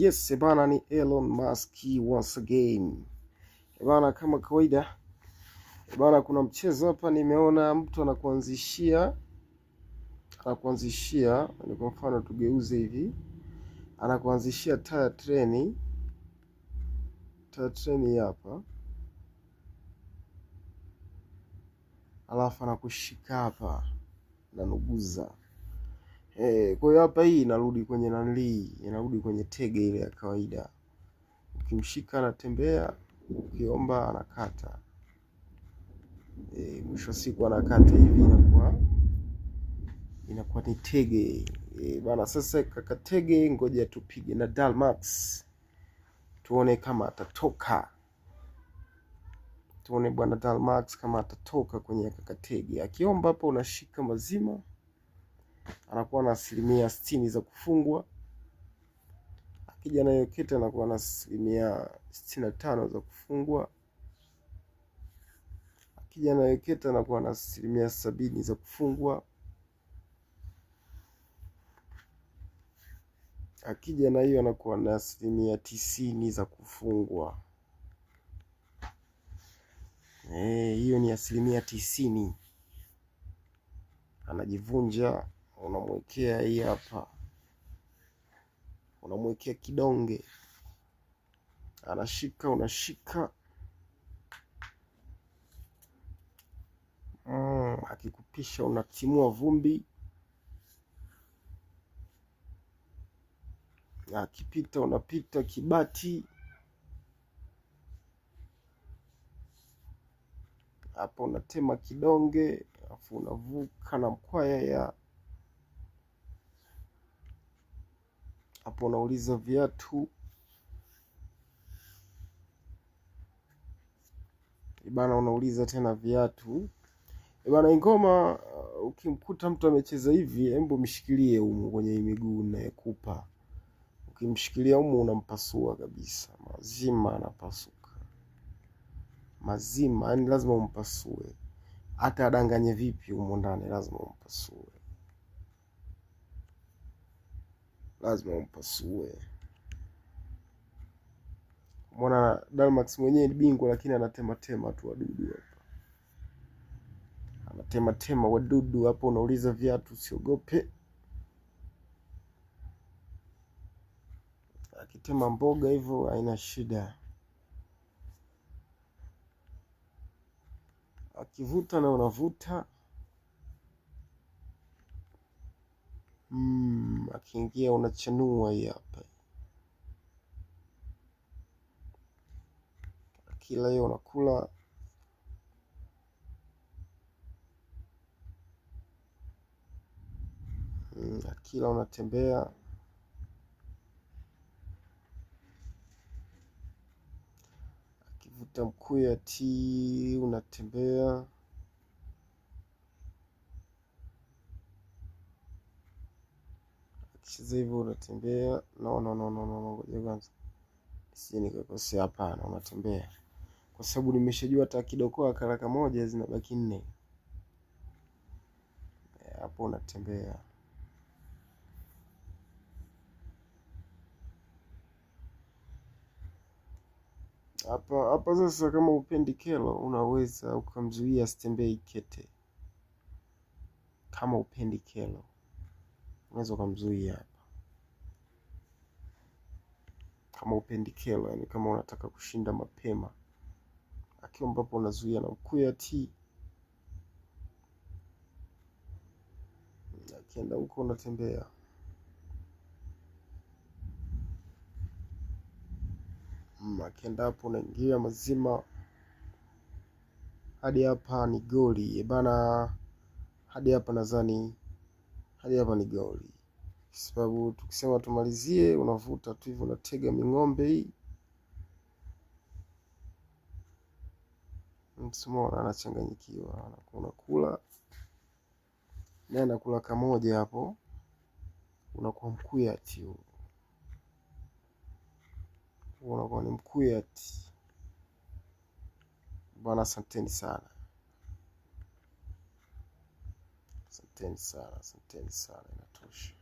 Yes bana ni Elon Musk once again ebana, kama kawaida ebana, kuna mchezo hapa nimeona mtu anakuanzishia anakuanzishia, ni kwa mfano tugeuze hivi, anakuanzishia tire treni, Tire treni hapa, alafu anakushika hapa na nuguza eh. Kwa hiyo hapa hii inarudi kwenye nanilii, inarudi kwenye tege ile ya kawaida. Ukimshika anatembea, ukiomba anakata Eh, mwisho wa siku anakata hivi, inakuwa inakuwa ni tege e, bana. Sasa kakatege, ngoja tupige na Dalmax tuone kama atatoka tuone bwana Dalmax kama atatoka kwenye kakatege. Akiomba hapo, unashika mazima anakuwa na asilimia sitini za kufungwa. Akija na Yoketo anakuwa na asilimia sitini na tano za kufungwa. Akija na Yoketo anakuwa na asilimia sabini za kufungwa. Akija na hiyo anakuwa na asilimia tisini za kufungwa. Eh, hiyo ni asilimia tisini, anajivunja unamwekea hii hapa, unamwekea kidonge, anashika, unashika mm, akikupisha unatimua vumbi, akipita unapita kibati hapo, unatema kidonge, afu unavuka na mkwaya ya hapo unauliza viatu ibana, eh, unauliza tena viatu ibana. Eh, ingoma uh, ukimkuta mtu amecheza hivi, hebu mshikilie humu kwenye miguu nayekupa, ukimshikilia humu unampasua kabisa, mazima anapasuka mazima, yani lazima umpasue, hata adanganye vipi humu ndani, lazima umpasue. lazima umpasue. Mwana Dalmax mwenyewe ni bingwa, lakini anatematema tu wadudu hapa, anatematema wadudu hapo. Unauliza viatu, usiogope akitema mboga hivyo, haina shida. Akivuta na unavuta mm nyuma, akiingia unachanua hii hapa, kila hiyo unakula mm, akila unatembea akivuta mkuya ti unatembea Sasa hivi unatembea. No, no, no, no, no, ngoja kwanza sije nikakosea. Hapana, unatembea kwa sababu nimeshajua hata kidokoa karaka moja zinabaki nne eh, hapo. unatembea hapa hapa. Sasa kama upendi kelo unaweza ukamzuia asitembee ikete, kama upendi kelo unaweza ukamzuia hapa, kama upendi kero, yani kama unataka kushinda mapema, akiwa ambapo unazuia na mkuu ya t akienda huko unatembea hmm, akienda hapo unaingia mazima hadi hapa ni goli eh, bana, hadi hapa nadhani, hadi hapa ni goli kwa sababu tukisema tumalizie, unavuta tu hivyo, unatega ming'ombe hii. Msumona anachanganyikiwa, unakula naye anakula kamoja hapo, unakuwa mkuyati huo, unakuwa ni mkuyati bwana. Asanteni sana, asanteni sana, asanteni sana, inatosha.